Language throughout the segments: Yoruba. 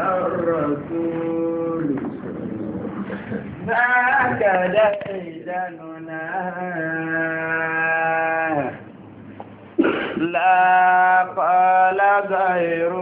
على الرسول هكذا إذننا لا قال غيره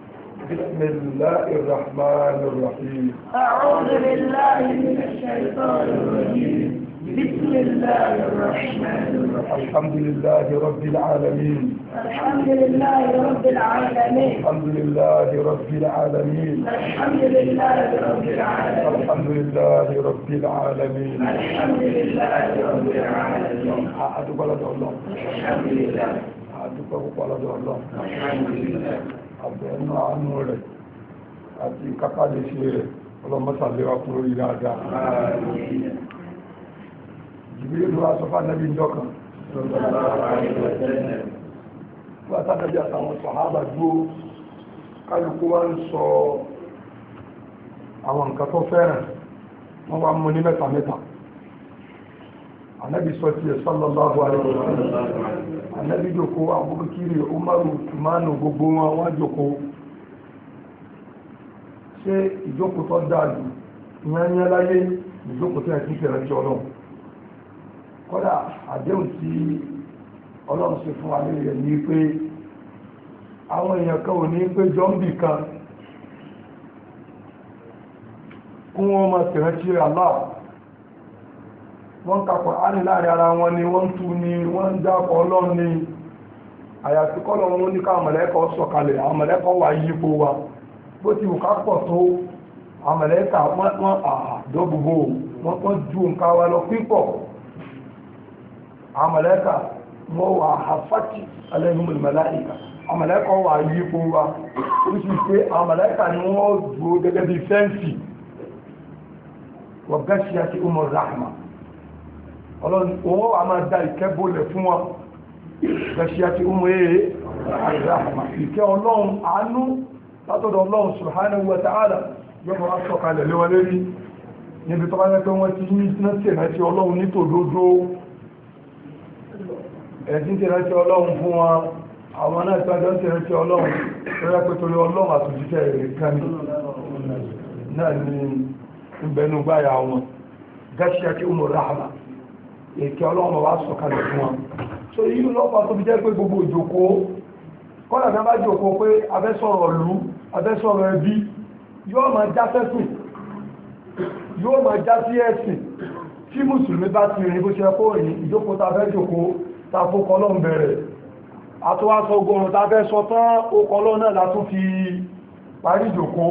بسم الله الرحمن الرحيم أعوذ بالله من الشيطان الرجيم بسم الله الرحمن الرحيم الحمد لله رب العالمين الحمد لله رب العالمين الحمد لله رب العالمين الحمد لله رب العالمين الحمد لله رب العالمين الحمد لله رب العالمين الله الحمد لله أدعو الله الحمد لله àbẹ̀ẹ̀nú àánú rẹ̀ àti kápálé ṣe rẹ̀ ọlọ́mọ́sàlẹ́wà fún orí dáadáa jìbìrì ló wá sọ fún anábì ìjọ kan fún àtàdájú àtàwọn sàhábà dúó kálukú wá ń sọ àwọn nǹkan tó fẹ́ràn wọ́n wá mú ní mẹ́ta mẹ́ta anabi sọ tiẹ̀ sallallahu alaihi wa sallam anabi jòkó abubakiri umaru tumanu gbogbo wọn wá umaru ṣé ìjókòó tó dáa jù yányá láyé ìjókòó tó yẹ kí fẹ́rẹ̀ jọ náà fún wa lórí ní pé àwọn èèyàn kan ò ní pé jọ́ǹbì kan kún wọn wọ́n ń kapọ̀ á láàrin ara wọn ni wọ́n ń tú ni wọ́n ń dápọ̀ ọlọ́run ni àyàfi kọ́lọ̀ wọn ní ká àmọ̀lẹ́kọ̀ sọ̀kalẹ̀ àmọ̀lẹ́kọ̀ wà yípo wa bó ti pọ̀ tó àmọ̀lẹ́kà wọ́n àdọ́gbogbo wọ́n tán ju nǹkan wa lọ pípọ̀ àmọ̀lẹ́kà wọ́n wà wà yípo wa ó sì pé ni wọ́n dúró gẹ́gẹ́ fẹ́ǹsì umar rahman ọlọ́run owó a máa da ìkẹ́ bólẹ̀ fún wọn gàṣíà ti ó mú èé àìráhàmà ìkẹ́ ọlọ́run àánú látọ̀dọ̀ ọlọ́run subhanahu wa ta'ala yọ́pọ̀ wá sọ̀kalẹ̀ lé wọlé rí níbi tó bá yẹ pé wọ́n ti ní tẹ̀rẹ̀ tí ọlọ́run ní tòdodo ẹ̀sìn tẹ̀rẹ̀ tí ọlọ́run fún wọn àwọn ó mú ráhàmà ètò ọlọ́run ọba sọ̀kalẹ̀ fún wọn so yìí lọ́pọ̀ tó fi jẹ́ pé gbogbo ìjòkó kọ́nà tí a bá jòkó pé abẹ́sọ̀rọ̀ ìlú abẹ́sọ̀rọ̀ ẹbí yóò máa já sẹ́sìn yóò máa já sí ẹ̀sìn tí mùsùlùmí bá ti rìn bó ṣe kó rìn ìjókòó ta fẹ́ jòkó ta fókọ ọlọ́run bẹ̀rẹ̀ àtúwàsọ ogun ta fẹ́ sọ tán ó kọ ọlọ́run náà látún fi parí ìjòkó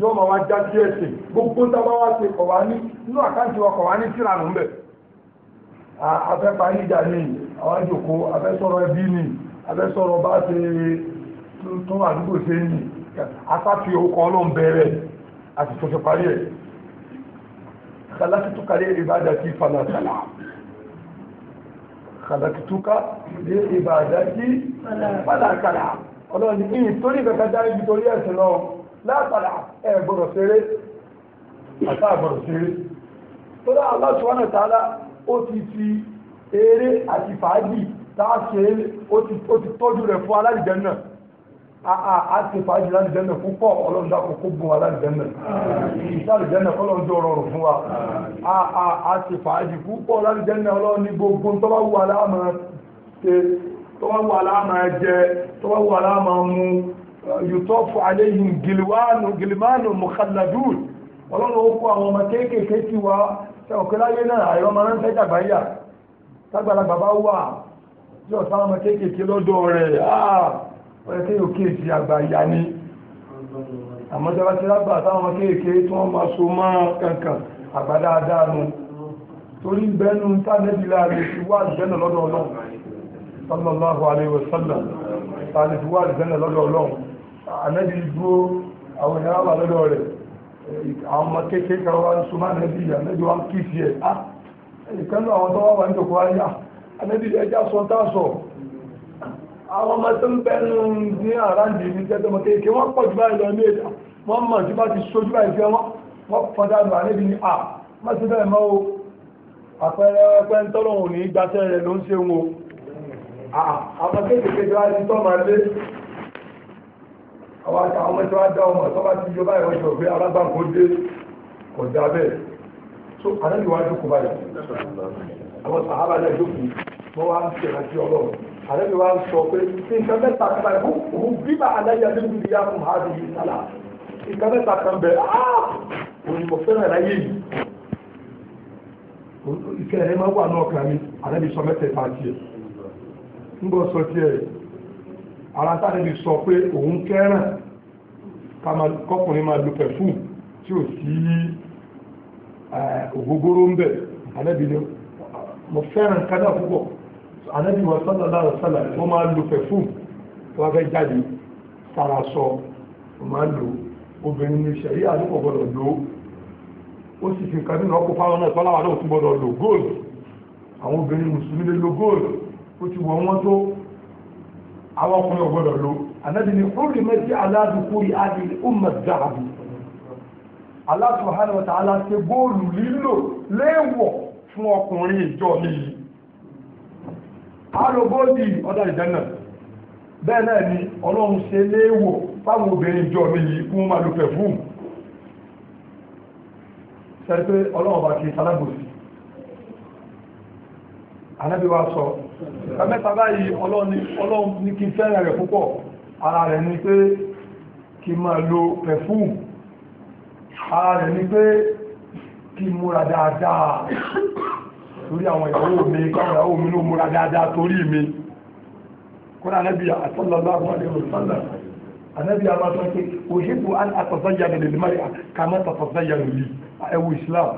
yóò máa wá já sí ẹsẹ̀ gbogbo tá a bá wá ṣe kọ̀ wá ní inú àkáǹtì wa kọ̀ wá ní síra nù bẹ̀. afẹ́ parí ìjà ni àwọn àjòkó afẹ́ sọ̀rọ̀ ẹbí ni afẹ́ sọ̀rọ̀ bá ṣe tún àdúgbò ṣe ni asáfi orúkọ ọlọ́run bẹ̀rẹ̀ àti tó ṣe parí ẹ̀. kàlákìtúkà lé ìbàdà sí falàtàlà kàlákìtúkà lé ìbàdà sí falàtàlà ọlọ́run ní ìtorí kankan dárí torí ẹ̀sìn lọ́wọ́ látara ẹ̀ gbọ́dọ̀ ṣeré àti àgbọ̀dọ̀ ṣeré tó dá Allah subhanahu wa ta'ala ó ti fi eré àti fàájì tá a ṣe é ó ti tọ́jú rẹ̀ fún alálìjẹ́ náà àti fàájì lálìjẹ́nà púpọ̀ ọlọ́dá kòkó bùn alálìjẹ́nà ìsàlìjẹ́nà ọlọ́dọ́ rọrùn fún wa àti fàájì púpọ̀ lálìjẹ́nà ọlọ́ni gbogbo tọ́wọ́wọ́ aláàmà jẹ tọ́wọ́wọ́ aláàmà mu yùtọ́fù aléyìn gilmanu mukhalladun ọlọ́run ó kó àwọn ọmọ kéékèèké ti wá ọ̀kẹ́láyé náà àìrọ́ máa ń tẹ́jà gbáyà tágbàlagbà bá wà tí ọ̀sá ọmọ kéékèèké lọ́dọ̀ rẹ̀ ọ̀rẹ́ ah! tí yóò kéèkì àgbà ìyá ni àmọ́jára ti rábà táwọn ọmọ kéèkè tí wọ́n máa so máa kankan àgbà dáadáa nu torí lọ́dọ̀ ọlọ́run a dúró àwọn èèyàn wà lọ́dọ̀ rẹ̀ àwọn ọmọ kékeré kan wá ń so máa ànábì ànábì wá ah, tó wá wà ní tòkó ayá ah, ànábì ẹja sọ tá sọ àwọn ọmọ tó ń bẹnu ní àràǹdì ní tẹ́tọ́ ọmọ kékeré wọ́n pọ̀ jù báyìí lọ ní wọ́n mọ̀ bá ti báyìí fẹ́ wọ́n ah, má sí bẹ́ẹ̀ mọ́ o àpẹẹrẹ ń tọ́lọ̀ òní rẹ̀ ló ń ṣe wọn o àwọn àtàwọn ọmọ tí wọ́n dá ọmọ tó bá ti yọ báyìí ọjọ́ pé alágbàǹkó dé kò dá bẹ́ẹ̀ tó àlejò wájú kò báyìí àwọn sàhábà náà jókòó wọ́n wá ń tẹ̀lé sí ọlọ́run àlejò wá ń sọ pé nǹkan mẹ́ta kan báyìí òun bíbá aláyà nínú ìyá fún hàbí yìí sálà nǹkan mẹ́ta kan bẹ̀ ah! òyìnbó fẹ́ràn láyé yìí ìkẹrẹ máa wà náà kàmí àlejò sọ mẹ́tẹ̀ẹ̀ta tiẹ̀ ń bọ̀ sọ tiẹ̀ ara tánàbí sọ pé òun kẹ́ràn kọkùnrin máa lo pẹ̀fúm tí ò sí ògógóró ń bẹ̀ ànábì ni mo fẹ́ràn kádà púpọ̀ ànábì wọn sọ́dọ̀ láàrín sọ́dọ̀ wọ́n máa lo pẹ̀fúm tó fẹ́ jáde sára sọ wọ́n máa lo obìnrin ní ṣẹ̀rí àdúgbò gbọ́dọ̀ lò ó sì fi nǹkan ọkọ̀ fáwọn náà tọ́láwà náà tún gbọ́dọ̀ lò góòlù àwọn obìnrin àwọn ọkùnrin ọ̀gbọ́dọ̀ ló ànábì ní orí mẹ́tí aládùúkúrí adi umar zahabi Allah subhanahu wa ta'ala ṣe góòlù lílò léèwọ̀ fún ọkùnrin ìjọ mi yìí alobóòdì ọ̀dà ìjẹ́nà bẹ́ẹ̀ náà ni ọlọ́run ṣe léèwọ̀ fáwọn obìnrin ìjọ mi fún máa lo pẹ̀fúùmù ọlọ́run bá kì sálábòsí ẹ̀mẹ́ta báyìí ọlọ́run ní kí fẹ́rẹ̀ rẹ̀ púpọ̀ ara rẹ̀ ni pé kí ma lo perfume ara rẹ̀ ni pé kí múra dáadáa torí àwọn ìyàwó mi káwọn ìyàwó mi ló múra dáadáa torí mi kọ́nà anábì sallallahu alaihi wasallam anábì àbátọ́ pé òṣèlú àtọ̀sọ́yà lè lè mẹ́rin kàmẹ́tọ̀sọ́yà lè ẹwù Islam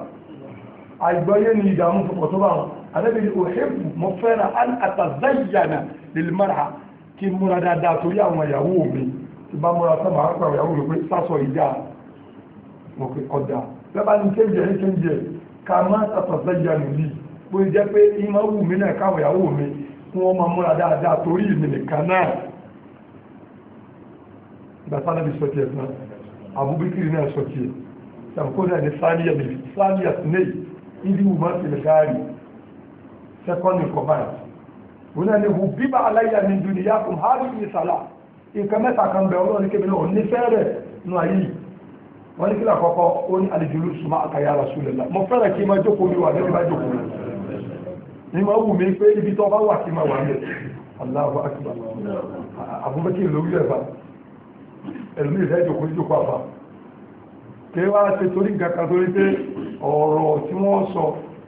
àìgbọ́yé ni ìdààmú fọ̀pọ̀ tó bá wọn àlẹ́bí ni òhèbù mọ́ fẹ́ràn án àtàzáyànà lèlè mara kí n múra dáadáa torí àwọn ìyàwó mi tí bá múra sọ màá pa ìyàwó mi pé sásọ ìjà mo pé ọ̀dà lẹ́bàá ní kéńjẹ ní kéńjẹ ká má àtàzáyànà lì bó ti jẹ́ pé ìmọ̀ wù mí náà káwọn ìyàwó mi kí wọ́n máa múra dáadáa torí mi nìkan náà gbàtà náà sọ tiẹ̀ tán àbúbíkiri náà sọ tiẹ̀ sàmkó náà sáníyà ní sáníyà sí ìdí wù má sí second in command òun náà ni hù bíbá aláyà ní dùnìyà fún hàbí ìsàlà nǹkan mẹ́ta kan bẹ̀ ọlọ́run kébì náà òun nífẹ̀ẹ́ rẹ̀ nù ayé yìí wọ́n ní kílà kọ́kọ́ ó ní àlejòlú sùnmọ́ àkàyà Rasulullah mo fẹ́rẹ̀ kí n máa jókòó ní wà lẹ́yìn bá jókòó ní máa wù mí pé ibi tó bá wà kí n máa wà mí Allahu akbar Abubakar lórí ẹ̀ bá ẹlòmíì rẹ̀ jókòó ní jókòó àbá kí wọ́n á ṣe torí nǹkan torí pé ọ̀rọ̀ tí wọ́n sọ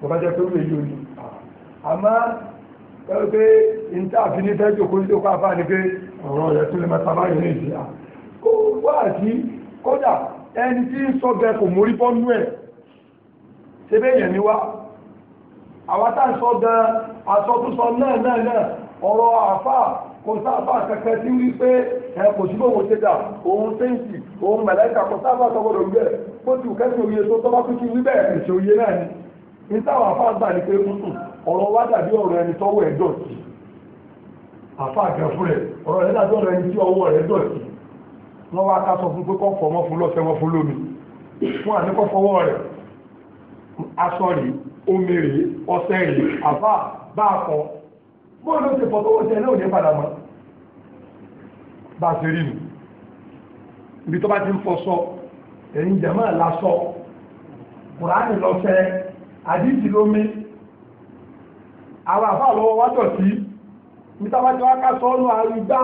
kò bá jẹ́ pé wúlò yìí ò ní àmọ́ pẹ̀lú pé níta àfi ní fẹ́ẹ́ jòkó nítorí káfá ni pé ọ̀rọ̀ rẹ̀ tún lè máa ta báyìí ní ìsìlá kó wá àti kódà ẹni tí ń sọ bẹ́ẹ̀ kò mórí bọ́nú ẹ̀ ṣe bẹ́ẹ̀ yẹn ni wá àwọn tá ń sọ gan asọ́túnsọ náà náà náà ọ̀rọ̀ àfà kò sáfà kẹ̀kẹ́ tí wí pé ẹ kò sí bóun ṣe dà òun séǹtì òun mẹ̀lẹ́kà kò sáfà sọ gbọdọ̀ gbẹ kó tù kẹ́sì òye tó tọ́ bá tún kí wí bẹ́ẹ̀ kì ìtawọ̀ àfa àgbà ní pé ọ̀rọ̀ wa dàbí ọ̀rọ̀ ẹni tọ́wọ́ ẹ̀ dọ̀tí àfa àgbà fún rẹ̀ ọ̀rọ̀ rẹ̀ dàbí ọ̀rọ̀ ẹni tí ọwọ́ rẹ̀ dọ̀tí wọ́n wá ká sọ fún pé kọ́ fọmọ́ fún lọ́sẹ̀ wọn fún lómi fún àníkọ́ rẹ̀ aṣọ rè omi rè ọṣẹ rè àfa bá a kọ bó ló ṣe fọ́ tó wọ́n ṣe ẹ̀ náà ò ní padà mọ́ bá a ṣe rí nu ibi tó bá ti ń fọ sọ ẹ̀yin jẹ̀mọ́ ẹ̀ lásọ kùránì lọ́sẹ̀ẹ́ àdíjì lómi àwọn àfáà lọ́wọ́ wátọ̀ sí mítàwájọ́ akásọ́ ọ̀nà àrígbá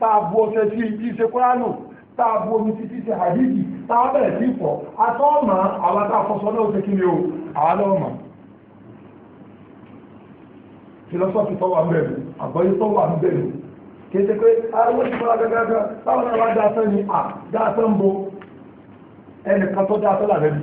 tààbù ọ̀sẹ̀ sí ibi ìṣe kúránù tààbù omi títí ṣe àdíjì tààbù bẹ̀rẹ̀ sí ìfọ̀ atọ́ọ̀mà àwọn àtàfọ́sọ́ náà ṣe kí ni o àwọn ọmọ filosofi tọ́wà ń bẹ̀rù àgbọ́yé tọ́wà ń bẹ̀rù kéèké pé ariwo ti fọ́ra gẹ́gẹ́gẹ́ táwọn ará dáṣẹ́ ni à dáṣẹ́ ń bo ẹnìkan tó dáṣẹ́ làrẹ́ mi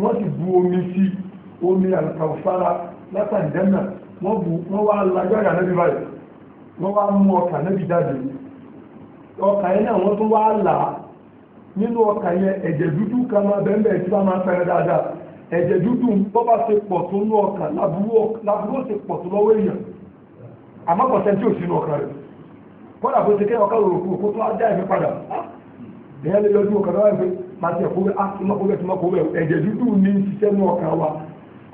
wọ́n ti bu omi sí omi àlùkàwùsára látàrí dẹ́nà wọ́n bu wọ́n wá lágbára ànábì báyìí wọ́n wá mú ọkà ànábì jáde ọkà yẹn náà wọ́n tún wá là á nínú ọkà yẹn ẹ̀jẹ̀ dúdú kan máa bẹ́ẹ̀ tí wọ́n máa pẹ́rẹ́ dáadáa ẹ̀jẹ̀ dúdú tó bá ṣe pọ̀ tó nú ọkà láburú ṣe pọ̀ tó lọ́wọ́ èèyàn àmọ́ pọ̀sẹ̀ tí ò sínú ọkà rẹ̀ kọ́dà bó ṣe kẹ́ ọkà òròkú òkú tó á dá ẹ̀mí padà ẹ̀yẹ́ lè yọjú ọkà náà wáyé pàṣẹ ìkówé akímọ́kówé tímọ́kówé ẹ̀jẹ̀ dúdú ní ṣiṣẹ́ ní ọkàn wa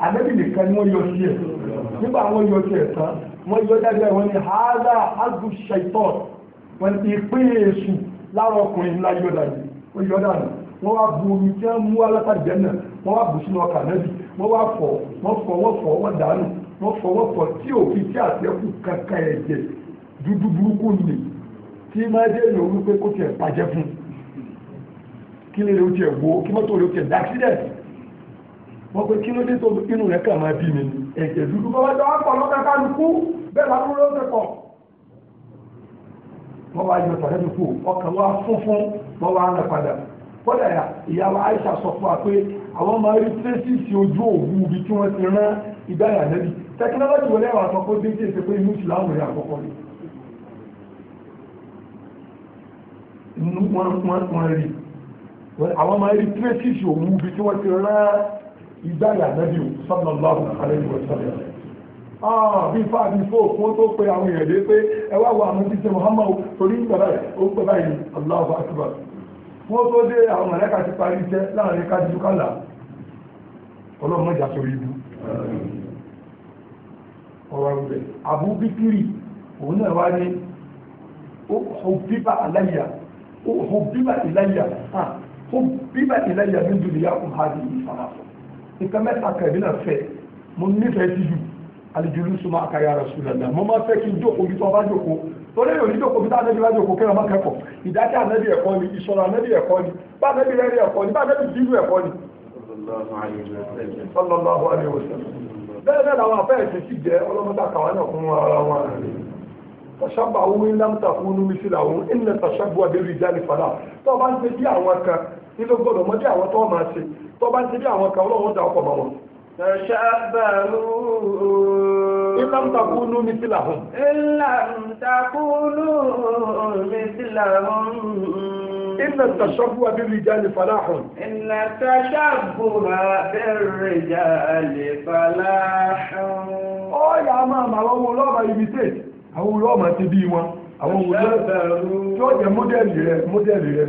ànábì nìkan ni wọ́n yọ sí ẹ̀ nígbà wọ́n yọ sí ẹ̀ tán wọ́n yọ dájọ́ wọn ni hàádà azu ṣaitọ́ wọn ti pín èṣù lára ọkùnrin ńlá yọ dànù wọ́n yọ dànù wọ́n wá bu omi tí wọ́n mú alátàjẹ́ náà wọ́n wá bù sínú ọkàn ànábì wọ́n wá fọ̀ wọ́n fọ̀ wọ́n fọ̀ wọ́n dànù wọ́n fọ̀ wọ́n fọ̀ tí òfin tí àtẹ́kù kankan ẹ̀jẹ̀ dúdú burúkú nì tí máa dé lòun pé kó tiẹ̀ bàjẹ́ fún un kí lè o tiẹ̀ wo kí mọ́tò rẹ̀ o tiẹ̀ dàkídẹ̀tì wọ́n pe kí ló dé tó inú rẹ̀ kà máa bí mi ni ẹ̀jẹ̀ dúdú bá wá dáwọ́ pọ̀ lọ́kà kálukú bẹ́ẹ̀ làwọn ló ti pọ̀ wọ́n wá yọ tàbí kú ọkàn wá funfun wọ́n wá rẹ̀ padà kódà ìyá wa Aisha sọ fún wa pé àwọn máa rí tẹ́síìsì ojú òwú ibi tí wọ́n ti rán ìdáyà lẹ́bi tẹkinọ́lọ́jì wọlé àwọn àkọ́kọ́ dé tí èsè pé inú ìsìláàmù rẹ̀ àkọ́kọ́ rí inú wọn rí àwọn máa rí tírẹ́sìsì òun bí tí wọ́n ti rán ìgbáyà nábì sallallahu alaihi wasallam ah, bí fáà bí fóò fún tó pé àwọn èèyàn dé pé ẹ wá wo àwọn jíjẹ Muhammad torí ń gbàdá ó pẹ́ báyìí Allahu akbar wọ́n tó dé àwọn mọ̀lẹ́ka ti parí iṣẹ́ láàrin kájú kálà ọlọ́run mọ́jà sórí ibú ọ̀rọ̀ rẹ̀ abúbíkiri òun náà wá ní ó hùbíbà aláyà ó hùbíbà ìláyà hàn fún bíbá ilẹ̀ yẹn ní dùnìyà kún ha di ìfàmà nǹkan mẹ́ta kẹ̀mí náà fẹ́ mo nífẹ̀ẹ́ ti jù alìjùlù súnmọ́ àkàyà rẹ̀ sùn lẹ́dà mo máa fẹ́ kí n jókòó bí tó bá jókòó torí yòó ní jókòó bí tá ànábì bá jókòó kéwàá má kẹ́kọ̀ọ́ ìdájẹ́ ànábì ẹ̀kọ́ ni ìsọ̀rọ̀ ànábì ẹ̀kọ́ ni bá ànábì rẹ̀ ẹ̀kọ́ ni bá ànábì dínú ẹ̀kọ́ ni. sallallahu alaihi wasallam bẹ́ẹ̀ bẹ́ẹ̀ nílò gbọ́dọ̀ mọ́ bí àwọn tó máa ṣe tó bá ń ṣe bí àwọn kan ọlọ́run dà ọkọ̀ mọ́ wọn. Ìlàm takúnú mi sí làhùn. Ìlàm takúnú mi sí làhùn. Ìlà tàṣàbù abirìjáde faláhùn. Ìlà tàṣàbù Ó yà á máa màá wọn lọ́ọ̀bà ibi tẹ̀. Àwọn olùwọ́ ti bí wọn. Àwọn olùwọ́ tí ó jẹ́ mọ́dẹ̀lì rẹ̀.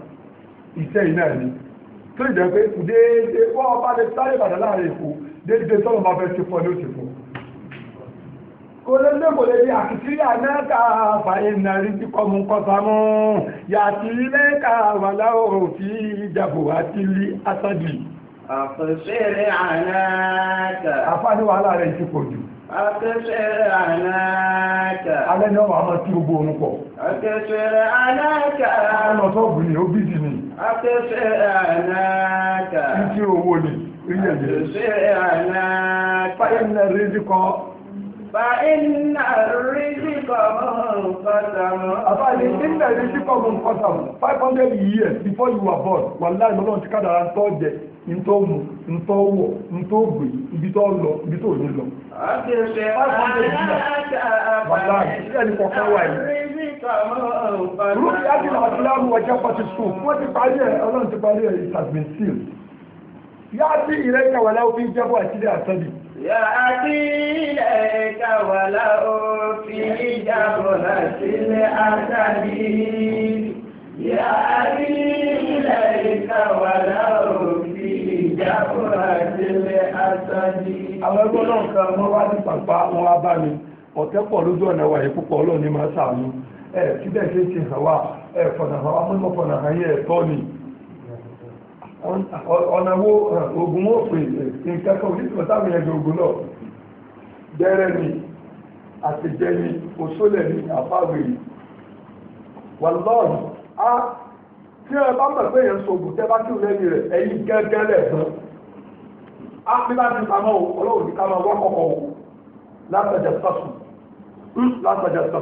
iṣẹ́ iná ni tó ìjẹ́ pé déédéé wọ́n ọba lè sáré bàdà láàrin èkó déédéé tọ́lọ̀ máa fẹ́ ṣe fún ọ ní òṣèfọ́ kò lè lé kò lè di àkìtìyà náà fàyè nàrí tí kọ́mú kọ́sámú yàtí ilé wà láwòrán tí ìjàbò àti ilé asadi. àfẹ́fẹ́rẹ́ àláàkà. àfáàní wàhálà rẹ̀ ti alẹ́ ni wọ́n máa ti gbogbo orun pọ̀. àfẹ́fẹ́rẹ́ àláàkà afẹ́fẹ́ ànáàkà. títí owó ni ríyìn ẹ̀jẹ̀. afẹ́fẹ́ ànáàkà. báyìí ní rídì kọ́. فإن الرزق منقسم Àbáyé nílẹ̀ rí sípò mú nǹkan Five hundred years before you were born, wàláì lọ́lọ́run ti kádàrá tó jẹ, ntó mu, ntó wọ̀, ntó gbé, ibi tó lọ, ibi tó ní lọ. Five hundred years wàláì nílẹ̀ ní kọ̀ọ̀kan wà yìí rúbì ájìlá àbúláwù ọjọ́ pọ̀tù sùn wọ́n ti parí ẹ̀ ọlọ́run ti parí ẹ̀ it has been sealed. yá sí ìrẹ́kà wà láwù fi jẹ́bọ̀ àtìlẹ̀ àtọ́lì. yá sí ìrẹ́kà wà láwù fi jẹ́bọ̀ àtìlẹ̀ àtọ́lì. yá sí ìrẹ́kà wà láwù fi jẹ́bọ̀ àtìlẹ̀ àtọ́lì. àwọn ẹgbẹ́ náà kan wọ́n wá ní pàpà wọn á bá mi ọ̀tẹ́ lójú ọ̀nà wàyí púpọ̀ ọlọ́run máa ṣàánú. ẹ̀ tí bẹ́ẹ̀ ṣe ti hàn wá ẹ̀ hàn wá ni ọ̀nà ogun ó pè nǹkan kan onítìmọ̀ táwọn yẹn ogun náà ni àtijẹ́ ni òṣòlẹ̀ ni ni wàlọ́ọ̀nù tí ẹ bá mọ̀ pé èèyàn tẹ́ bá kí lẹ́yìn rẹ̀ ẹ̀yìn bá ti pamọ́ o ọlọ́run ní ká máa látàjà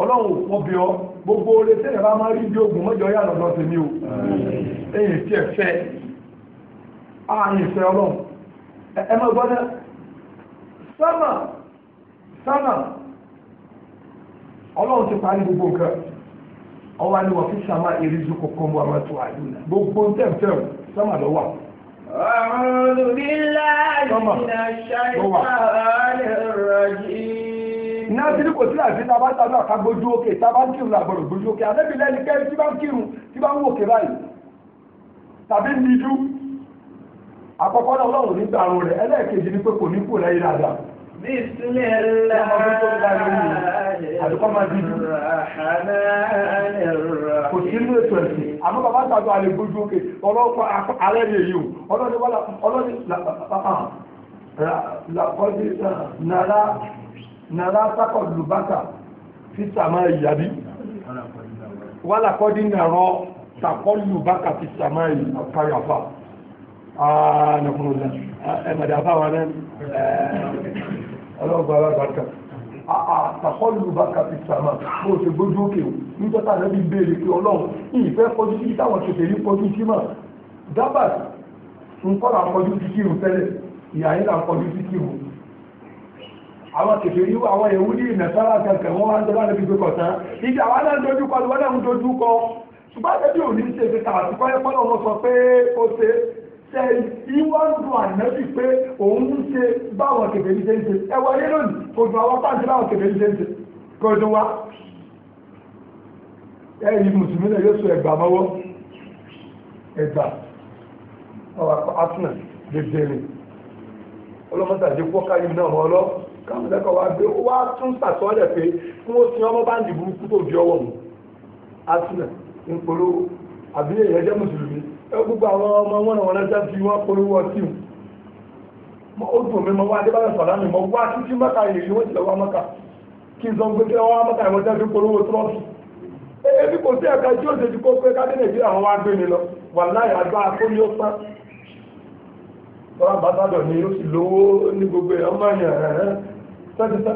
ọlọ́run fún bí ọ gbogbo ole tẹ́lẹ̀ bá máa rí bí ogun mọ́jọ yà nọ sí mi o ẹ̀yìn tí ẹ fẹ́ ààyè ìfẹ́ ọlọ́run ẹ mọ̀ sánà sánà ọlọ́run ti parí gbogbo nǹkan ọwọ́ ni wọ́n fi sàmà àwọn àdúrà gbogbo tẹ̀ iná tìrí kò sílẹ̀ àti tábà tàbí àká gbójú òkè tábà ń kírun àgbọ̀rọ̀ gbójú òkè àlẹ́bí lẹ́ni kẹ́ tí bá ń kírun tí bá ń wòkè báyìí tàbí níjú àkọ́kọ́ náà ọlọ́run ní gbà rún rẹ̀ ẹlẹ́ẹ̀kejì ni pé kò ní kú rẹ̀ yìí dáadáa. Kò sínú ètò ẹ̀sìn, àmọ́ bàbá tàbí àlè gbójú òkè, ọlọ́pàá alẹ́ lá, ọlọ́ni nàrà sákọ̀ lùbátà fi sàmà ìyàbí wàlàkọ́dí nàrọ̀ sàkọ́ lùbátà fi sàmà ìkàyàfà ààrẹ̀kùnrin ẹ̀mẹ̀dà fáwà náà ọlọ́gbà alábàákà sàkọ́ lùbátà fi sàmà bó ṣe gbójú òkè nítorí àrẹ́bí béèrè pé ọlọ́run ìfẹ́ kọjú sí táwọn ṣèṣèrí kọjú sí mà dábàá nǹkan àkọjú sí kírun tẹ́lẹ̀ ìyá yín là ń kọjú sí kírun àwọn kèfèrí àwọn èwú ní ìnẹ̀sára kẹkẹ̀ wọ́n wá ń tọ́lá níbi gbẹ́kọ̀ tán ìjà wà náà dojú kọ lọ́wọ́ náà ń dojú kọ ṣùgbọ́n àtẹ́bí ò ní ṣe fi tààrà tí kọ́lé kọ́lé wọn sọ pé ó ṣe ṣe ìwọ́n dùn ànábì pé òun ń ṣe báwọn kèfèrí ṣe ń ṣe ẹ wáyé lónìí kò dùn àwọn pàǹtí báwọn kèfèrí ṣe ń ṣe kò dùn wa. ẹ yìí mùsùlùmí náà yóò sọ ẹgbà mọ́wọ́ ẹgbà ọ̀rọ̀ àtúnà dèdèrè ọlọ́mọdé àdékù ọ̀ká yìí náà mọ́ káwọn lẹ́kọ̀ọ́ wa gbé wá tún sàtọ́lẹ̀ pé kí wọ́n sin ọmọ báńdì burúkú tó di ọwọ́ mu asinà ń polówó àbí èèyàn jẹ́ mùsùlùmí ẹ gbogbo àwọn ọmọ wọn wọn lẹ́sẹ̀ fi wọ́n polówó ọtí mu ó dùn mí mọ wá adébáyọ̀ sọ̀rọ̀ mi mọ wá títí mẹ́ta èyí wọ́n ti lọ wá mẹ́ta kí n sọ pé kí wọ́n wá mẹ́ta ìwọ́n tẹ́ fi polówó trọ́ọ̀sì ebi kò sí ẹ̀ka tí ó ṣe ti kó pé ká dé nàìjíríà wọn wá gbé mi lọ wà láì àgbà akóni ó pán lọ́wọ́ àbátádọ̀ ni ó sì lówó ní gbogbo ẹ̀ ọmọ yẹn tẹ́tí tán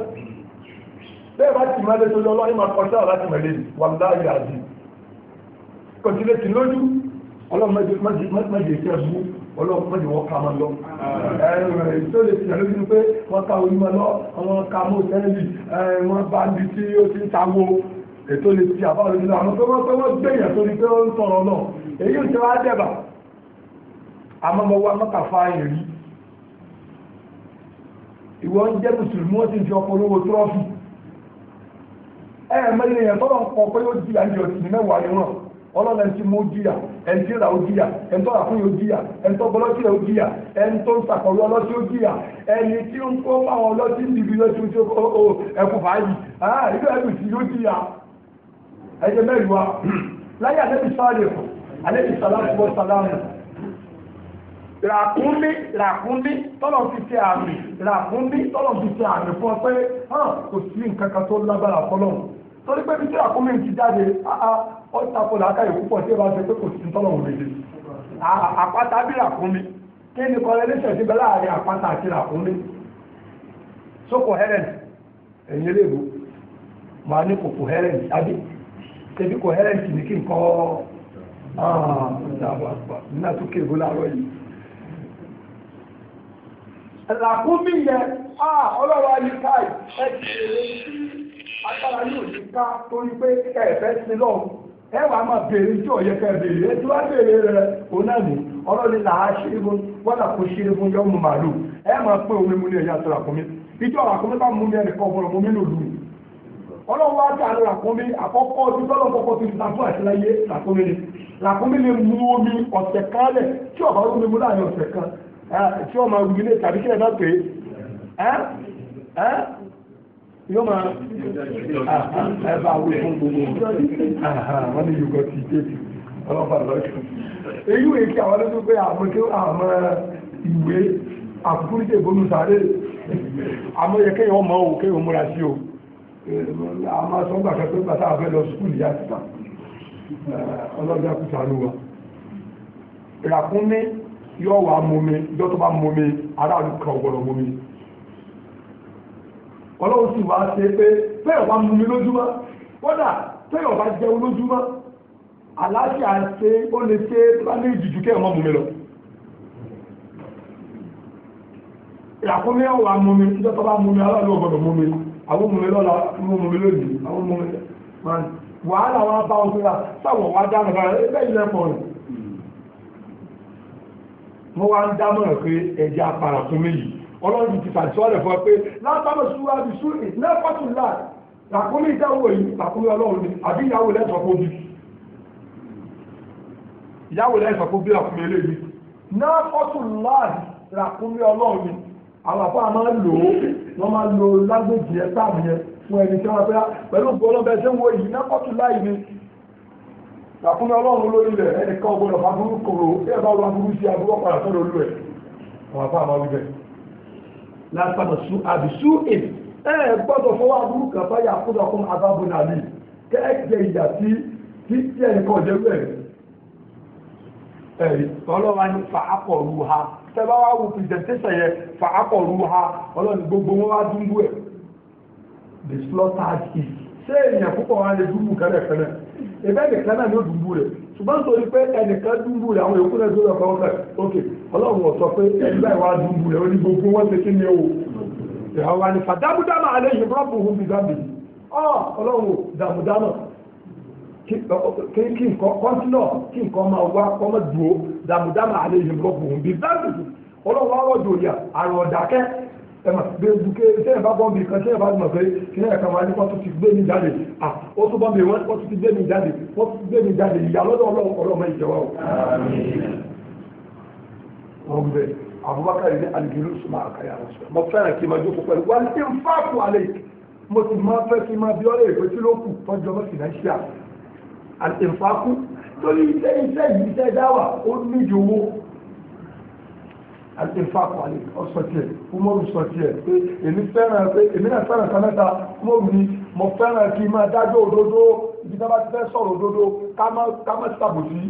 bẹ́ẹ̀ bá ti mẹ́lẹ́ tó lọ́lọ́ ìmọ̀ kọjá láti mẹ́lẹ́ wà láàyè àdì kọ̀tílẹ̀ tí lójú ọlọ́mọdé tí ẹ bú ọlọ́mọdé wọ́n ká máa lọ ẹ̀rẹ̀ tó lè tìyà lójú pé wọ́n ká onímọ̀ lọ àwọn ká mọ́ tẹ́lẹ̀ wọ́n bá bí tí ó ti ń tawó ètò lè ti àbá lójú lọ àwọn tó wọ́n tó wọ́n gbẹ̀yàn tó ní pé ó ń tọrọ náà èyí ò ti wá dẹ̀bà àmọ́ mo wá mọ́ta fáyẹ̀ rí ìwọ ń jẹ́ mùsùlùmí wọ́n ti fi ọpọlọwọ tírọ́fì ẹ̀ mẹ́rin èèyàn tọ́lọ̀ ń kọ pé ó jìyà ní ọ̀sìn mẹ́wàá ni wọ́n ọlọ́run ẹni tí mo jìyà ẹni tí ra ó jìyà ẹni tó rà fún yóò jìyà ẹni tó gbọ́lọ́sí rẹ̀ ó jìyà ẹni tó ń sàkọ̀wé ọlọ́sí ó jìyà ẹni tí ń kó fáwọn ọlọ́sí níbi lọ́sí tó kó o ẹkú ràkúnmí ràkúnmí tọ́lọ̀ fi ṣe àmì ràkúnmí tọ́lọ̀ fi ṣe àmì fún ọ pé hàn kò sí nǹkan kan tó lágbára fọlọ́run torí pé bíi ràkúnmí ti jáde ó tako làákàyè púpọ̀ tí ó bá ṣe pé kò sí tọ́lọ̀ òun lè àpáta bí ràkúnmí kí ni correlation ti bẹ láàrin àpáta àti ràkúnmí sókò helen ẹ̀yìn eléèbó màá ní kò kò helen àbí tẹbi kò helen sì ní kí n kọ́ ọ́ ọ́ ọ́ ní àtúnkè ìbò láàárọ̀ yìí làkúnmí yẹn á ọlọ́wọ́ ayíká ẹ̀ ti ṣe agbára yóò ní ká torí pé ẹ̀fẹ́ sí lọ́wọ́ ẹ wà á máa béèrè tí òye kẹ béèrè ẹ ti wá béèrè rẹ òun náà nì ọlọ́ni là á ṣe é fún wọ́n là kó ṣe é fún yọ́mù màálù ẹ máa pé omi mu ní ẹ̀yà tó làkúnmí ìjọ làkúnmí bá mú mi ẹnìkan ọ̀gbọ̀n mú mi àkọ́kọ́ tí tọ́lọ́ kọ́kọ́ ti ta fún àtìláyé làkúnmí ni làkúnmí lè mú omi ọ̀sẹ̀ kan lẹ̀ tí ọ̀bá omi mú láàrin ọ̀sẹ̀ Ah, tí ó máa wílé tàbí kí ẹ̀dá pé ah, ah, yóò máa ẹ̀bà wí fún gbogbo wọ́n ní yóò ti dé ọlọ́pàá lọ́sùn èyí wèé kí àwọn ọlọ́dún pé àwọn ìwé àkúrúdé ìbónú sáré àmọ́ yẹ kéèyàn ọmọ òun kéèyàn múra sí o àmọ́ eh, sọ́gbà kan tó gbà táà fẹ́ lọ skúlù yá síta eh, ọlọ́dún akúta ló wa ràkúnmí yóò wá mumi yóò tó bá mumi aráàlú kan gbọ́dọ̀ mumi ọlọ́run sì wá ṣe pé bẹ́ẹ̀ wá mumi lójúmọ́ kódà bẹ́ẹ̀ ọba jẹun lójúmọ́ aláṣẹ àṣe ó lè ṣe bá ní ìjìjú kẹ́ ọmọ mumi lọ ìyàkúnmí ọwà mumi yóò tó bá mumi aráàlú ọgbọ́dọ̀ mumi àwọn mumi lọ́la mumi lónìí àwọn mumi wàhálà wa bá wọn pé sáwọn ah, wá dáhùn rẹ bẹ́ẹ̀ ilẹ̀ pọ̀ rẹ̀ wọ́n wá ń dámọ̀ràn pé ẹja para fún mi yìí ọlọ́run ti fàtíwálẹ̀ fún ọ pé látàmọ̀ súra bí sú lẹ́pọ̀tù láà làkúnmí ìdáwó yìí làkúnmí ọlọ́run ni àbí ìyàwó lẹ́sọ̀ kó bí ìyàwó lẹ́sọ̀ kó bí làkúnmí eléyìí lẹ́pọ̀tù láà làkúnmí ọlọ́run ni àwọn àpá máa ń lò ó wọ́n máa lo lágbèjì ẹ̀ sáàmù yẹn fún ẹni tí wọ́n fẹ́ pẹ̀lú gbọ́lọ́bẹ̀ tí wọ́n yìí lẹ́pọ̀tù láì ni làkúnlẹ̀ ọlọ́run lórí ilẹ̀ ẹnìkan ọgbọ́dọ̀ fàbúrú kòrò ẹ bá wà burú sí abúrú ọ̀pàdà sọ́dọ̀ olú ẹ̀ àwọn afá àmà àbí ìn ẹ gbọ́dọ̀ fọwọ́ aburú kan kẹ́ ẹ jẹ ìyà tí tí ẹnìkan wẹ̀ ẹ ọlọ́run fa ha tẹ bá wà wù yẹ fa ha ọlọ́run gbogbo wọn wá dúndú ẹ̀ the slaughter is ṣé èèyàn púpọ̀ wọn lè kẹ́lẹ̀kẹ́lẹ̀ ẹgbẹ́ nìkan náà ni ó dùnbù rẹ̀ ṣùgbọ́n torí pé ẹnìkan dùnbù rẹ̀ àwọn èkó náà tó lọ fọwọ́ bẹ̀ ok ọlọ́run ọ̀sọ́ pé ẹgbẹ́ ìwà dùnbù rẹ̀ oní gbogbo wọn ṣe kí ni o ìhà wa ni fàdámúdámà alẹ́ yìí rọ́pù ohun bíi bábì ọ ọlọ́run dàmúdámà kí nǹkan kọ́ńtínà kí nǹkan máa wá kọ́mọ́ dùn ó dàmúdámà alẹ́ yìí rọ́pù ohun bíi bábì ọlọ́run wá rọ́jò ẹ̀mà bí o buké sẹ́yìn bá bọ́m̀bì kan sẹ́yìn bá mọ̀ pé kíní ẹ̀ka wà ní kọ́tù ti gbé mi jáde à ó tún bọ́m̀bì wọn kọ́tù ti gbé mi jáde wọ́n ti gbé mi jáde ìyá lọ́dọ̀ ọlọ́mọ ìjọba o. wọ́n bẹ Abubakar ní aligiru suma akaya rẹ sọ mo fẹ́ràn kí n máa jókòó pẹ̀lú wa ní fáàpù alẹ́ mo ti máa fẹ́ kí n máa bí ọlẹ́ ìpè tí ló kù tọ́jú ọmọ fìnnáṣíà àti àti ìfapàlẹ̀ ọ̀sọ̀tìẹ̀ umaru sọ̀tìẹ̀ pé èmi fẹ́ràn pé èmi náà fẹ́ràn kan mẹ́ta umaru ni mo fẹ́ràn kí n máa dájọ́ òdodo ibi tá a bá ti fẹ́ sọ̀rọ̀ òdodo ká má ṣàbòsí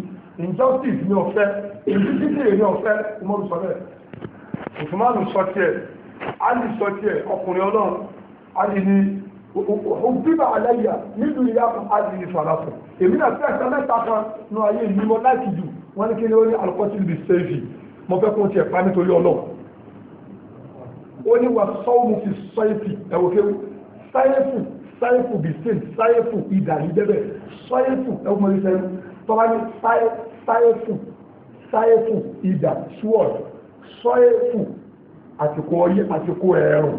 injustice ni ọ̀fẹ́ injustice ni ọ̀fẹ́ umaru sọ bẹ́ẹ̀ usmanu sọ̀tìẹ̀ ali sọ̀tìẹ̀ ọkùnrin ọlọ́run ali ni òbíbà aláyà nílùú ìyá ali ni fàlàfọ̀ èmi náà fẹ́ràn kan mẹ́ta kan nù ayé ìlú wọn láti jù wọn ní kí ni ó ní alukọ́tì bíi sẹ́fì mo fẹ́ kún ti ẹ̀pá nítorí ọlọ́run ó ní wà sọ́ọ̀mù fi sọ́ìfì ẹ̀wọ̀kéwù sáyẹ́fù sáyẹ́fù bìsìn sáyẹ́fù ìdàrí bẹ́bẹ̀ sọ́yẹ́fù ẹ̀wọ̀n ìṣẹ́yìn tọ́ba ní sáyẹ́fù sáyẹ́fù ìdà sword sọ́yẹ́fù àtìkò ọyẹ́ àtìkò ẹ̀rùn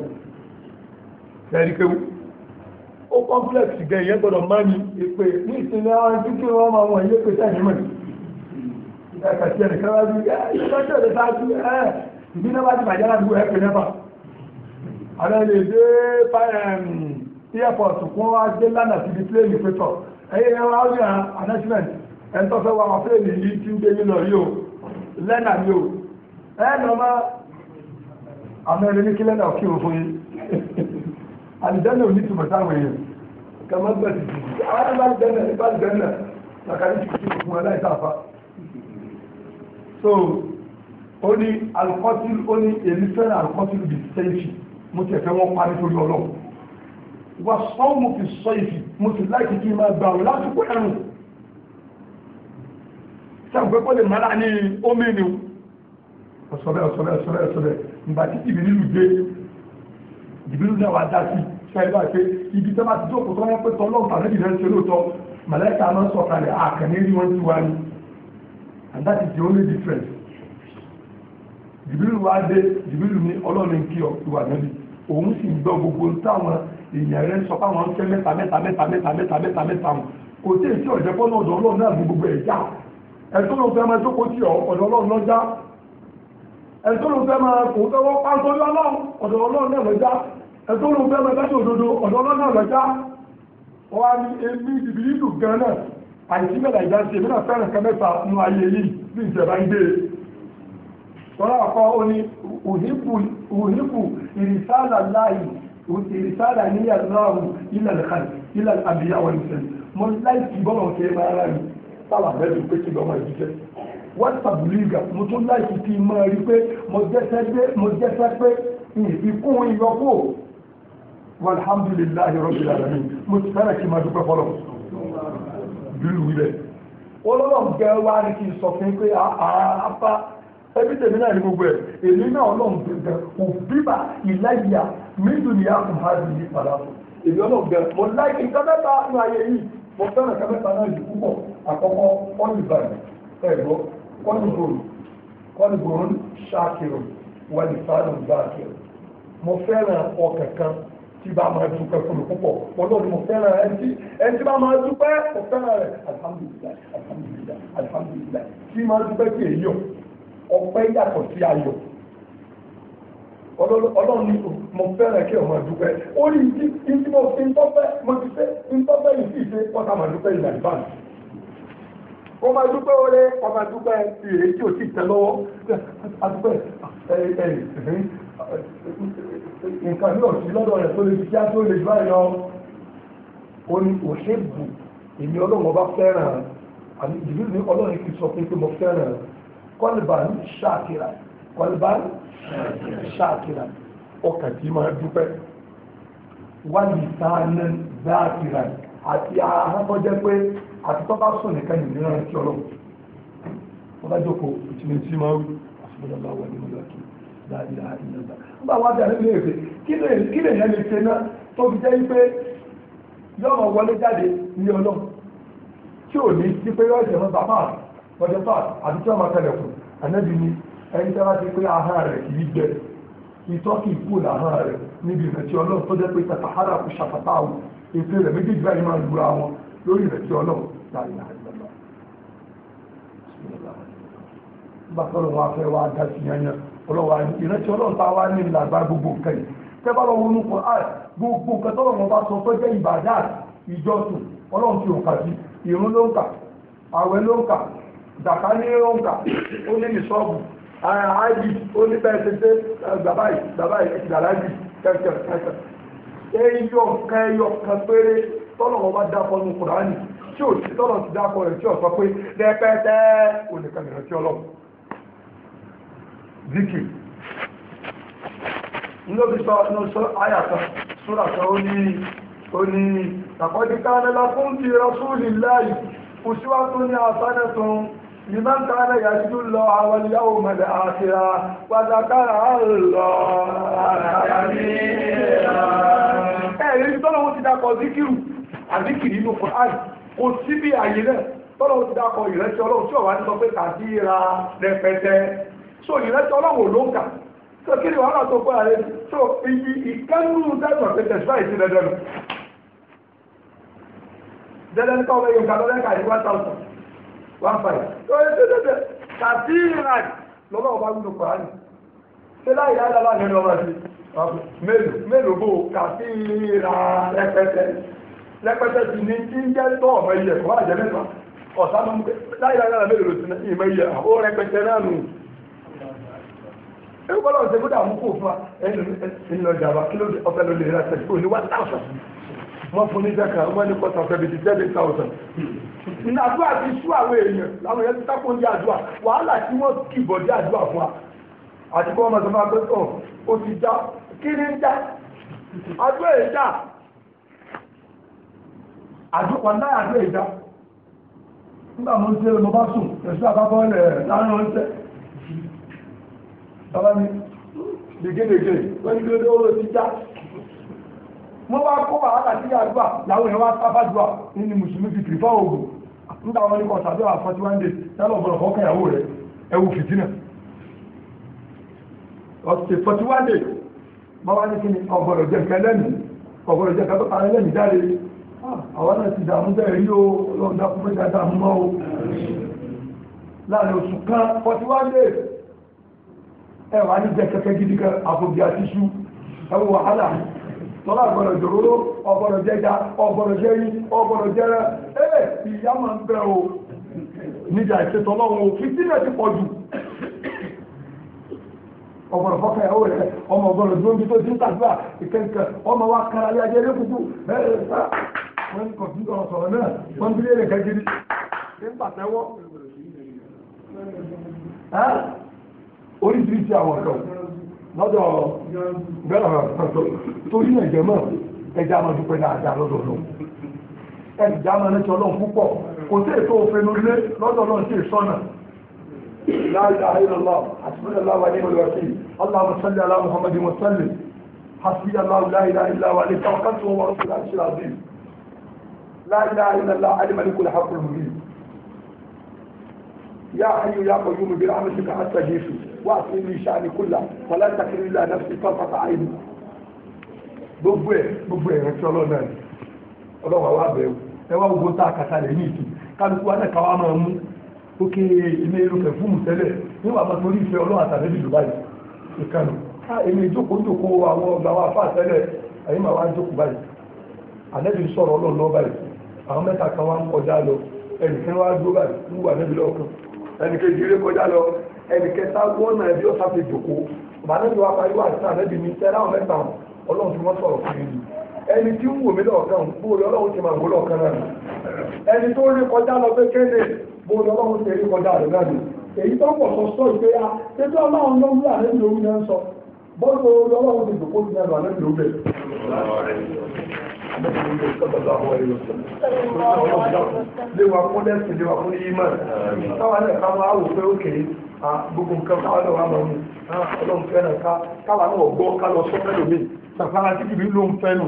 ẹ̀ríkẹ́wù ó complex gẹ̀yẹ́ gbọ́dọ̀ máa ní ìpè ní ìsinmi àwọn ẹni tí wọ́n máa wọ̀ ẹ̀yẹ́ pé sáyẹ́mẹ̀tì kàtí ẹ̀rẹ̀ kan wájú ìtọ́jú ẹ̀rẹ̀ sáájú ẹ̀ ìbí náà wájú bàjẹ́ láti wọ ẹ̀pẹ̀ nẹ́fà àwọn ilé dé airport kún wá dé lánàá síbi pléènì pétọ̀ ẹ̀yẹ yẹn wá rí announcement ẹni tó fẹ́ wá wọn pléènì yìí tí ń gbé yín lọ rí o lẹ́nà ni o ẹ̀ nà ọmọ àmọ́ ẹni ní kí lẹ́nà òkè òfin àlìjẹ́nà ò ní tùmọ̀ sáwọn èèyàn kàmá gbẹ̀sì àwọn ẹni bá ń gbẹ̀nà ní bá ń gbẹ̀nà làkàrí tìkìtì fún ẹ láì sáfà so ó ní alukọ́tìlù ó ní èmi fẹ́ràn alukọ́tìlù bíi sẹ́yìfì mo tẹ̀ fẹ́ wọ́n parí torí ọlọ́run wà sọ́ọ́ mo fi sọ ìfì mo sì láìkí kí n máa gbà wọn lásìkò ẹ̀rùn sẹ́wọ̀n pé kọ́lé mọ́lá ní omi ni ọ̀sọ̀rẹ́ ọ̀sọ̀rẹ́ ọ̀sọ̀rẹ́ ọ̀sọ̀rẹ́ ìgbà tí ìbìlú gbé ìbìlú náà wà dá sí ṣẹ́gbà pé ibi tó bá ti jókòó tó wáyé pé tọ́lọ́ọ̀tà lẹ́yìn rẹ̀ ń ṣe lóòótọ́ màlẹ́kà máa ń sọ̀kalẹ̀ àkànní rí wọn ti wá ní and that is the only difference jìbìlù wa dé jìbìlù ní ọlọ́run kí ọ ìwà nàbì òun sì ń gbọ́ gbogbo táwọn èèyàn rẹ sọ fáwọn ń fẹ́ mẹ́ta mẹ́ta mẹ́ta mẹ́ta mẹ́ta mẹ́ta mẹ́ta wọn kò tí èsì ọ̀jẹ̀ bọ́lá ọ̀dọ̀ ọlọ́run náà ní gbogbo ẹ̀já ẹ̀tọ́ ló fẹ́ máa jókòó tí ọ̀dọ̀ ọlọ́run náà já ẹ̀tọ́ ló fẹ́ máa kò tẹ́wọ́ pàtó ọlọ́run ọ̀dọ̀ ọlọ́run náà lọ́já ẹ̀tọ́ ló fẹ́ máa dájọ́ òdodo ọ̀dọ̀ ọlọ́run náà lọ́já wọ́n á ní èmi ìdìbìlì dùn gan náà àìsí mẹ́ta ìdáṣe mẹ́ta fẹ́ràn kan mẹ́ta nínú ayé yìí bí ìjẹba ń gbé tọ́lá ọkọ́ ó ní òhìbù ìrìsáàlà láàyè ìrìsáàlà ní àdáhùn ilẹ̀ àlẹ́kàlẹ̀ ilẹ̀ àbíyá wọn ìṣẹ̀lẹ̀ mo láìsí bọ́lọ̀ kí ẹ máa rà mí sábà bẹ́ẹ̀ tó pé kí lọ́mọ ìjíṣẹ́ wọ́n tàbílígà mo tún láìsí kí máa rí pé mo jẹ́sẹ́ pé ìfikún ìyọkú walhamdulillahi rabbil alamin mo ti fẹ́ràn kí máa dúpẹ́ fọlọ́mù ìbílù rẹ̀ ọlọ́run gẹ wá ní kí n sọ fún pé àpá ah, ah, ẹbí náà ní gbogbo ẹ̀ èmi náà ọlọ́run gẹ̀gẹ̀ kò bíbà ìláyà mídùnìyà kò há di padà fún èmi ọlọ́run gẹ̀ mo yi mo fẹ́ràn yìí púpọ̀ àkọ́kọ́ tí bá máa dúpẹ́ fún mi púpọ̀ ọlọ́run mo fẹ́ràn ẹ tí ẹ tí bá máa dúpẹ́ mo fẹ́ràn rẹ alihamudulilayi alihamudulilayi alihamudulilayi tí máa dúpẹ́ kí èyí yọ ọpẹ́ yàtọ̀ sí ayọ̀ ọlọ́run ní mo fẹ́ràn kí ọmọ dúpẹ́ ó ní ti ti mo fi ń tọ́pẹ́ mo ti fẹ́ ń tọ́pẹ́ yìí sì ṣe ọ̀tá máa dúpẹ́ ìlànà ìbánu ìrètí ò sì tẹ adúpẹ́ ẹ̀ẹ́dẹ́gbẹ̀rún nǹkan ní òsì lọ́dọ̀ rẹ̀ tó lè fi kíá tó lè bá yọ ó ní òṣèbù èmi ọlọ́run ọba fẹ́ràn àmì ìdílé ní ọlọ́run kì í sọ pé pé mo fẹ́ràn kọ́lìbà ní ṣáàkìrà kọ́lìbà ní ṣáàkìrà ọkàn tí máa dúpẹ́ wọ́n lè ta ní dáàkìrà àti ahọ́kọ́jẹ́ pé àti tó bá sùn nìkan ìlera ti ọlọ́run ọba jókòó ìtìlẹ̀ tí máa ń àṣìbọ̀dọ̀ bá wà nínú ìlú láàrin àárín náà nígbà wá dàrí ní èfè kí lè yẹn lè ṣe náà tó fi jẹ́ pé yọ̀mọ̀ wọlé jáde ní ọlọ́run tí ò ní sí pé yọ̀ọ̀ṣẹ̀ mọ́ bàbá ọjọ́ fáàt àti tí wọ́n máa tẹ̀lé fún ànábì ni ẹni tí wọ́n ti pé ahọ́n rẹ̀ kì í gbẹ ìtọ́ kì í kú làhọ́n rẹ̀ níbi dá sí yányán ọlọ́wà ìrántí ọlọ́run tá a wá ní ìlàgbà gbogbo nǹkan yìí tẹ́ bá lọ wọnú kan áì gbogbo nǹkan tọ́lọ̀ wọn bá sọ tó jẹ́ ìbàdà ìjọsìn ọlọ́run ti òǹkà sí ìrun ló ń kà àwẹ̀ ló ń kà dàkà ní ló ń kà ó ní nìṣọ́ọ̀bù àájì ó ní bẹ́ẹ̀ tètè gbàbáyì gbàbáyì gbàlájì kẹ̀kẹ́ kẹ̀kẹ́ ẹyọ kan ẹyọ kan péré zikiri níbi sọ inú sọ àyàtọ̀ súrà tó ó ní ó ní àkọ́jú kánilá fún ti rasúlì láì kò síwájú ní àsánẹ́tún لمن كان يرجو الله واليوم الآخرة وذكر الله ẹ̀rí tọ́lọ́wọ́ ti dákọ̀ zikiru àzikiri inú Kùránì kò síbi àyè náà tọ́lọ́wọ́ ti dákọ̀ ìrẹsì ọlọ́run tí ọ̀wá ní sọ pé tàbí ra rẹpẹtẹ so ìrẹsì ọlọ́wọ̀ ló ń kà so kí ni wàhálà tó gbọ́ ààrẹ so ibi ìkánú dẹ́gbọ̀n pé tẹ̀síwá ìsìn dandan nù dandan ní káwọn ẹ̀yọ̀ kàdọ́ lẹ́ka ní one thousand one five so ẹ̀ ṣe dandan kàtí ìrìn lọ́wọ́ ọba gbúdọ̀ pàá nì ṣé láyé lálẹ́ láti ẹni ọba sí mélòó mélòó bò kàtí ìrìn rẹpẹtẹ rẹpẹtẹ ti ní tí ń jẹ́ tọ́ ọ̀mọ iye kò wá jẹ́ mẹ́ta ọ̀sán láyé mélòó ti ní ìmọ̀ iye ó rẹpẹtẹ náà nù. ẹ gbọ́dọ̀ ọ̀sẹ̀ gbọ́dọ̀ àwọn kò fún wa ẹni lọ jàmbá kí ló ọ̀fẹ́ ló lè ra ṣẹ̀ kó ní one wọ́n fún ní jẹ́ka wọ́n ní kọ́ta ọ̀fẹ́ bíi ti seven ti sú àwọn èèyàn làwọn èèyàn ti sápò ní àdúrà wàhálà tí wọ́n kì bọ̀dé àdúrà fún wa àti kọ́ ọmọ sọmọ ó ti já kí ni ń já àdúrà ìjà àdúrà náà àdúrà ọba mi dègédègé wọ́n ti lóde owó ti já wọ́n wá kó wàhálà sí àdúrà làwọn èèyàn wá sábà dùà nínú mùsùlùmí fi kìrìfà òògùn nígbà wọn ní kọ̀ọ̀sà àdúrà forty one days tẹ́lọ̀ bọ̀rọ̀ fọ́kàn ìyàwó rẹ̀ ẹ̀wù fìtínà ọ̀sẹ̀ forty one days bọ́ wá ní kí ni ọ̀bọ̀rọ̀ jẹ́ fẹ́ lẹ́nu ọ̀bọ̀rọ̀ jẹ́ fẹ́ tó parẹ́ lẹ́nu jáde ah, àwọn náà ti dààmú bẹ́ẹ̀ rí o lọ́ọ̀dà fún mẹ́ta dààmú mọ́ o láàrin oṣù kan forty one days ẹ wà ní jẹ kẹkẹ gidi kan àfòbí àtiṣú ẹ wọ wàhálà tọ́lá ọ̀gbọ̀dọ̀ jòróró ọ̀gbọ̀dọ̀ jẹja ọ̀gbọ̀dọ̀ jẹrí ọ̀gbọ̀dọ̀ jẹrẹ ẹ ìyá máa ń bẹ o níjà ìṣètọ́ lọ́wọ́ fìtínà ti pọ̀ jù ọ̀gbọ̀rọ̀ fọ́kẹ́ ẹ̀wọ̀ rẹ̀ ọmọ ọ̀gbọ̀rọ̀ dúró bí tó ti ń tàgbà ìkẹ́kẹ́ ọmọ wa kára lé ajé lẹ́kùkù ẹ̀ẹ́ sá wọ́n kọ̀ sí ọ̀rọ̀ sọ̀rọ̀ náà wọ́n ń bí lé oríṣiríṣi àwọn kan lọ́dọ̀ bẹ́ẹ̀ torí náà jẹ́ mọ́ ẹja máa dúpẹ́ dáadáa lọ́dọ̀ náà ẹja máa ní sọ́nà púpọ̀ kò sí ètò òfin lé lọ́dọ̀ náà sí ìsọ́nà láàrín àìlọ́lá àti fúnlẹ̀ láwà ní ìwọ̀n sí aláwọ̀ sọ́lẹ̀ aláwọ̀ muhammadu musalli hasbi aláwọ̀ láìláìláwà ní tàwákàtí wọn wọ́n fúnlẹ̀ àṣírà bí láìláìláwà alimalikul hakul mubin ya hayyu ya qayyum bi rahmatika astaghfiru wàásù ní sàánì kúlà wàlá takiri ilé àdáfi pápákọ̀ àìní gbogbo ẹ̀ gbogbo ẹ̀ rántí ọlọ́run náà ni ọlọ́run àwọn abẹ́wò ẹ wá gbogbo tá a kàtà lẹ̀ ní ìtù kálukú wa náà káwá máa mú ókè ilé irúfẹ́ fún mùtẹ́lẹ̀ níwà máa torí ìfẹ́ ọlọ́run àtàlẹ́bí dubai ìkànnì ká èmi ìjókòó ìjókòó àwọn ọgbà wa fà tẹ́lẹ̀ ẹ̀yìn máa wá jókòó báyìí ànẹ́bí sọ̀rọ̀ ọlọ́run báyìí àwọn mẹ́ta kan wá ń kọjá lọ ẹnìkan wá dúró báyìí ń wà nẹ́bí lọ́kàn ẹnìkejì eré kọjá lọ ẹnìkẹta wọ́nà ẹbí ọ̀sá ti jòkó ọba náà ti wá parí wá àti àná bìíní tẹ́lá àwọn mẹ́ta ọlọ́run tí wọ́n sọ̀rọ̀ fún mi ẹni tí ń wò mí lọ́ọ̀kan bóòlù ọlọ́run ti máa wò lọ́ọ̀kan náà ẹni tó rí kọjá lọ pé kéde bóòlù ọlọ́run ti rí kọjá rẹ̀ náà èyí tó pọ̀ sọ sọ ìpé a tẹ́tí ló ń lọ àlẹ́ ìlú náà sọ bọ́ọ̀lù ọlọ́run ti jòkó ti lọ àlẹ́ ìlú bẹ̀ léwa kún lẹ́sìn léwa kún ní ìmọ̀ táwọn ẹ̀ka máa wò pé ó kéré gbogbo nǹkan káwọn náà wà lọ́nu ọlọ́run fẹ́ràn ká káwọn náà gbọ́ ká lọ sọ fẹ́lò mi sàfara tí kìbí ló ń fẹ́nu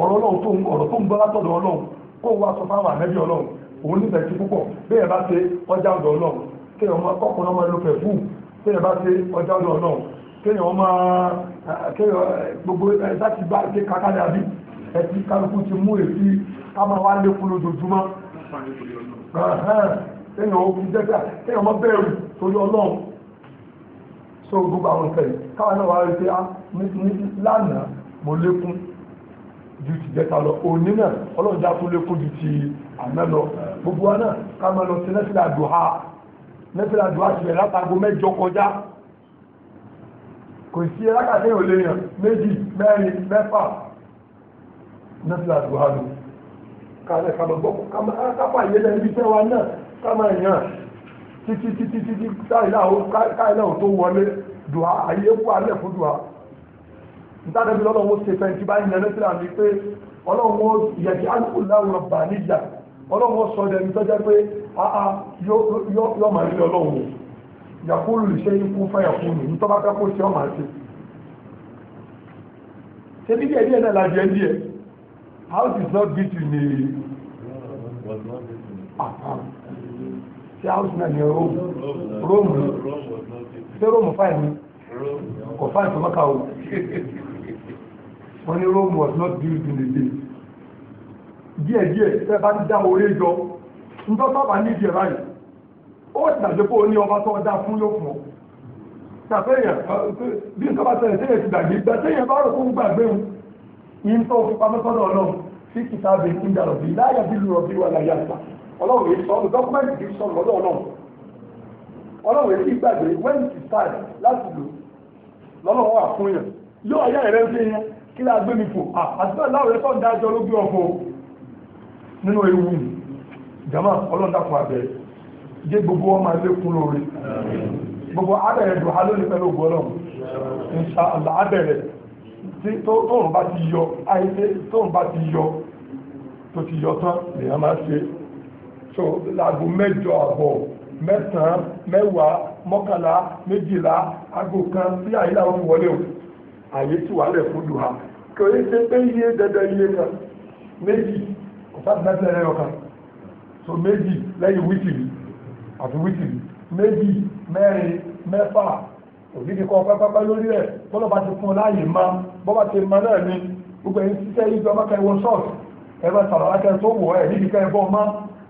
ọ̀rọ̀ ọlọ́run tó ń ọ̀rọ̀ tó ń bọ́ látọ̀dọ̀ ọlọ́run kó wá sọ fáwọn ànẹ́bí ọlọ́run òun nífẹ̀ẹ́ sí púpọ̀ bẹ́ẹ̀ bá ṣe ọjà ọ̀dọ̀ ọlọ́run kéèyàn máa kọ́kùnrin ọmọ ẹlòpẹ̀ fún kéèyàn bá ṣe ọjà ọ̀dọ̀ ọlọ́run kéèyàn máa kéèyàn gbogbo ẹ̀dá ti bá ṣe kákàlẹ̀ àbí ẹ̀tí kálukú ti mú èsì ká máa wá lékún lójoojúmọ́ kéèyàn ó fi jẹ́sà kéèyàn mọ́ bẹ̀rù torí ọlọ́run so gbogbo àwọn ìfẹ́ yìí káwọn náà wá rí pé ah, lánàá mo lékún ju ti jẹta lọ òní náà ọlọ́run já tún lékún ju ti àná lọ gbogbo wa náà ká máa lọ sí nẹ́fìlà dùhà nẹ́fìlà dùhà ti bẹ̀rẹ̀ látago mẹ́jọ kọjá kò sí ẹlákàtẹ́ ò lè yàn méjì mẹ́rin mẹ́fà nẹ́fìlà dùhà lọ káàlẹ̀ kábọ̀ gbọ́ kápá ìyẹ́lẹ̀ ibi tẹ́wa náà sámà yàn títí títí títí káìlà ò tó wọlé dùá ayé kú alẹ́ fún dùá nítàdébí lọ́lọ́wọ́ ṣe fẹ́ tí bá ń yẹn sílẹ̀ àmì pé ọlọ́wọ́ yẹ̀dí alùpùpù bà níjà ọlọ́wọ́ sọ ẹni tó jẹ́ pé àá yọ màá rí ọlọ́wọ́ yàkúrú lè ṣe ikú fẹ́yàkúrú nítorí bá fẹ́ kó ṣe ọmọ àti ṣe bí díẹ̀ díẹ̀ náà lájẹ́ ẹni díẹ̀ house is not built in a tí house náà ní rome rome ní ṣé rome fine ni kò fine tó mọ́ka o wọ́n ní rome was not built in a day díẹ̀ díẹ̀ tẹ́ bá ń dá orí jọ nítorí sábà ní ìdí ẹ̀ báyìí ó ti dàjọ́ pé ó ní ọba tó dá fún yóò fún ọ tàbẹ́yàn bí nǹkan bá tẹ̀lé tẹ́yẹ̀ ti gbàgbé gbà tẹ́yẹ̀ bá rò fún gbàgbé wọn yìí ń tọ́ fipamọ́sọ́dọ̀ ọlọ́run sí kìtàbí ń darọ̀ bí láyà bí lùrọ̀ bí wà láyà sáà ọlọ́run yìí sọnù dọ́kúmẹ́ntì yìí sọnù lọ́dọ̀ ọlọ́run ọlọ́run yìí sì gbàgbé when it is time láti lò lọ́lọ́run wà fún yàn yóò ayé rẹ̀ ń fi yẹn kí lè gbé mi fò àti bẹ́ẹ̀ láwọn ló gbé ọkọ̀ nínú ewu ọlọ́run abẹ jẹ́ gbogbo gbogbo dùn pẹ̀lú ọlọ́run tóun bá ti yọ tó ti yọ tán lèèyàn máa ṣe so láago mẹ́jọ àbọ̀ mẹ́sàn-án mẹ́wàá mọ́kànlá méjìlá aago kan sí àyílá wọn wọlé o àyè tí wàá lẹ̀ fún duha kò yẹ ṣe pé iye dandan iye kan méjì kò sáà mẹ́sàn-án ẹ̀rọ kan so méjì lẹ́yìn wítìrì àti wítìrì méjì mẹ́rin mẹ́fà òdíje kọ́ pápápá lórí rẹ̀ bọ́lá bá ti fún ọ láàyè máa bọ́bá ti máa náà ni gbogbo ẹ̀yìn sísẹ́ ìjọba kẹwọ́ ṣọ́ọ̀tì ẹ̀rọ sàrọ̀ lákẹ́ tó wọ̀ ẹ̀ níbi kẹ́ ẹ̀bọ́ máa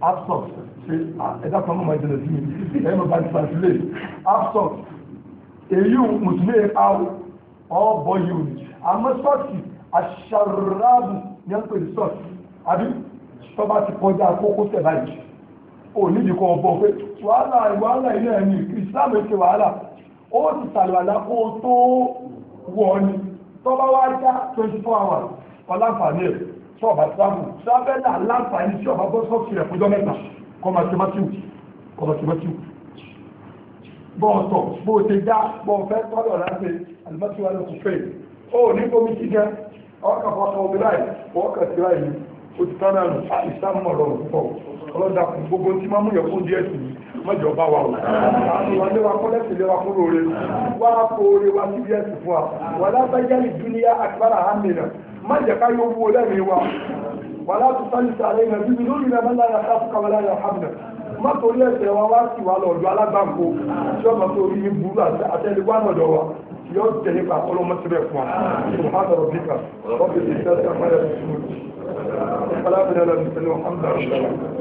absorb ṣe ẹ̀dá kan mọ̀ ìjìnlẹ̀ sí mi ẹ̀yẹ́ mọ̀ bá ti translate absorb èyí mùsùlùmí ẹ̀ka ọ̀bọ̀ yìí òní àmọ́ sọ́ọ̀tì aṣàràbù ní ẹ̀ńpẹ̀ ní sọ́ọ̀tì àbí tọ́ba ti kọjá kókó tẹ̀ báyìí ò nídìí kan ọ̀bọ̀ pé wàhálà wàhálà ilé ẹ̀mí Islam ṣe wàhálà ó ti sàlùwàlà kó tó wọ̀ ọ́ ni tọ́ba wá já 24 four hours ọ̀làǹfààní ẹ̀ tí ọba tíwájú tíwábẹ́lá aláǹfààní tí ọba bọ́ sọ́ọ̀tì rẹ̀ fúnjọ́ mẹ́ta kọ́ máa ṣe mọ́tíwù kọ́ máa ṣe mọ́tíwù bọ́ọ̀tọ̀ bó ṣe já bọ́ọ̀fẹ́ tọ́lọ̀ láti alimọ́tíwá lọ sí fèèrè ó ní bomi jíjẹ ọkà fọkà omi láì ọkà sí láì ó ti tán náà nù ìsámọ̀ lọ́rùn púpọ̀ ọlọ́dà gbogbo tí máa mú yẹ fún díẹ̀ sí mọ́jọ bá wa o àwọn ilé wa kọ́lẹ́ sì lé wa kúrò rẹ wá kóore wa síbi ẹ̀sìn fún wa wà lábẹ́jẹ́ ní dúníyà àkìbára hàmìnà má jẹ́ ká yóò wó lẹ́mìí wa wà látú sáré sáré náà bíbí lórí náà mẹ́ta náà ká fúkà wà láyà hàmìnà má torí ẹ̀sẹ̀ wa wá sí wa lọ́dọ̀ alágbàǹkó tí ọmọ tó rí burú àtẹnugbà lọ́dọ̀ wa yóò tẹ̀lé pa ọlọ́mọ síbẹ̀ fún wa subhanahu wa rabbika rabbil izzati amma yasifun ولا بد لنا من محمد رسول الله